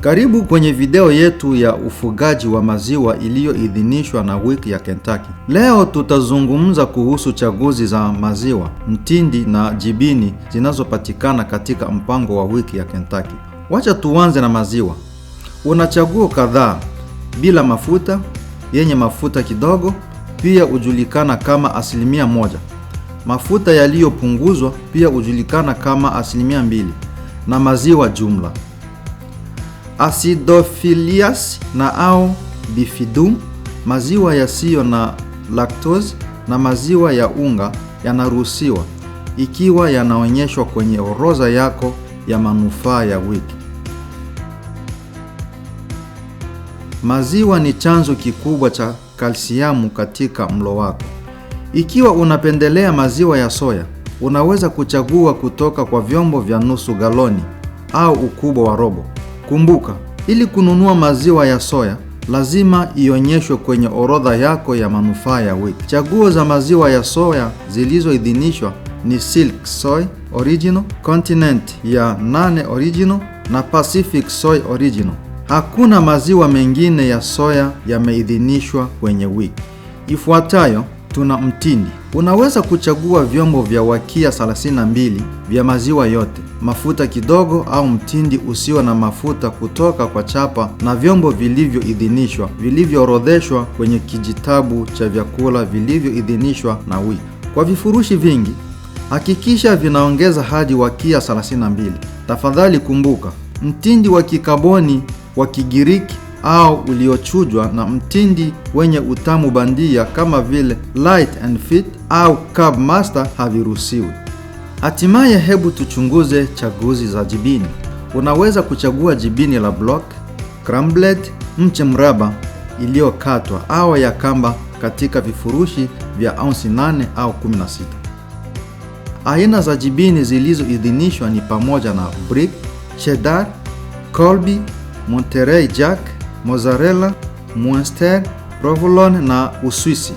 Karibu kwenye video yetu ya ufugaji wa maziwa iliyoidhinishwa na wiki ya Kentucky. Leo tutazungumza kuhusu chaguzi za maziwa, mtindi na jibini zinazopatikana katika mpango wa wiki ya Kentucky. Wacha tuanze na maziwa. Una chaguo kadhaa: bila mafuta, yenye mafuta kidogo, pia hujulikana kama asilimia moja, mafuta yaliyopunguzwa, pia hujulikana kama asilimia mbili, na maziwa jumla acidophilias na au bifidum, maziwa yasiyo na lactose na maziwa ya unga yanaruhusiwa ikiwa yanaonyeshwa kwenye orodha yako ya manufaa ya wiki. Maziwa ni chanzo kikubwa cha kalsiamu katika mlo wako. Ikiwa unapendelea maziwa ya soya, unaweza kuchagua kutoka kwa vyombo vya nusu galoni au ukubwa wa robo. Kumbuka, ili kununua maziwa ya soya lazima ionyeshwe kwenye orodha yako ya manufaa ya wiki. Chaguo za maziwa ya soya zilizoidhinishwa ni Silk Soy Original, Continent ya nane Original na Pacific Soy Original. Hakuna maziwa mengine ya soya yameidhinishwa kwenye wiki ifuatayo. Tuna mtindi. Unaweza kuchagua vyombo vya wakia 32 vya maziwa yote mafuta kidogo au mtindi usio na mafuta kutoka kwa chapa na vyombo vilivyoidhinishwa vilivyoorodheshwa kwenye kijitabu cha vyakula vilivyoidhinishwa na WIC. Kwa vifurushi vingi, hakikisha vinaongeza hadi wakia 32. Tafadhali kumbuka, mtindi wa kikaboni wa Kigiriki au uliochujwa na mtindi wenye utamu bandia kama vile Light and Fit au Cub Master haviruhusiwi. Hatimaye hebu tuchunguze chaguzi za jibini. Unaweza kuchagua jibini la block, crumbled, mche mraba iliyokatwa au ya kamba katika vifurushi vya ounsi 8 au 16. Aina za jibini zilizoidhinishwa ni pamoja na brick, cheddar, Colby, Monterey Jack, mozzarella, Munster, provolone na Uswisi.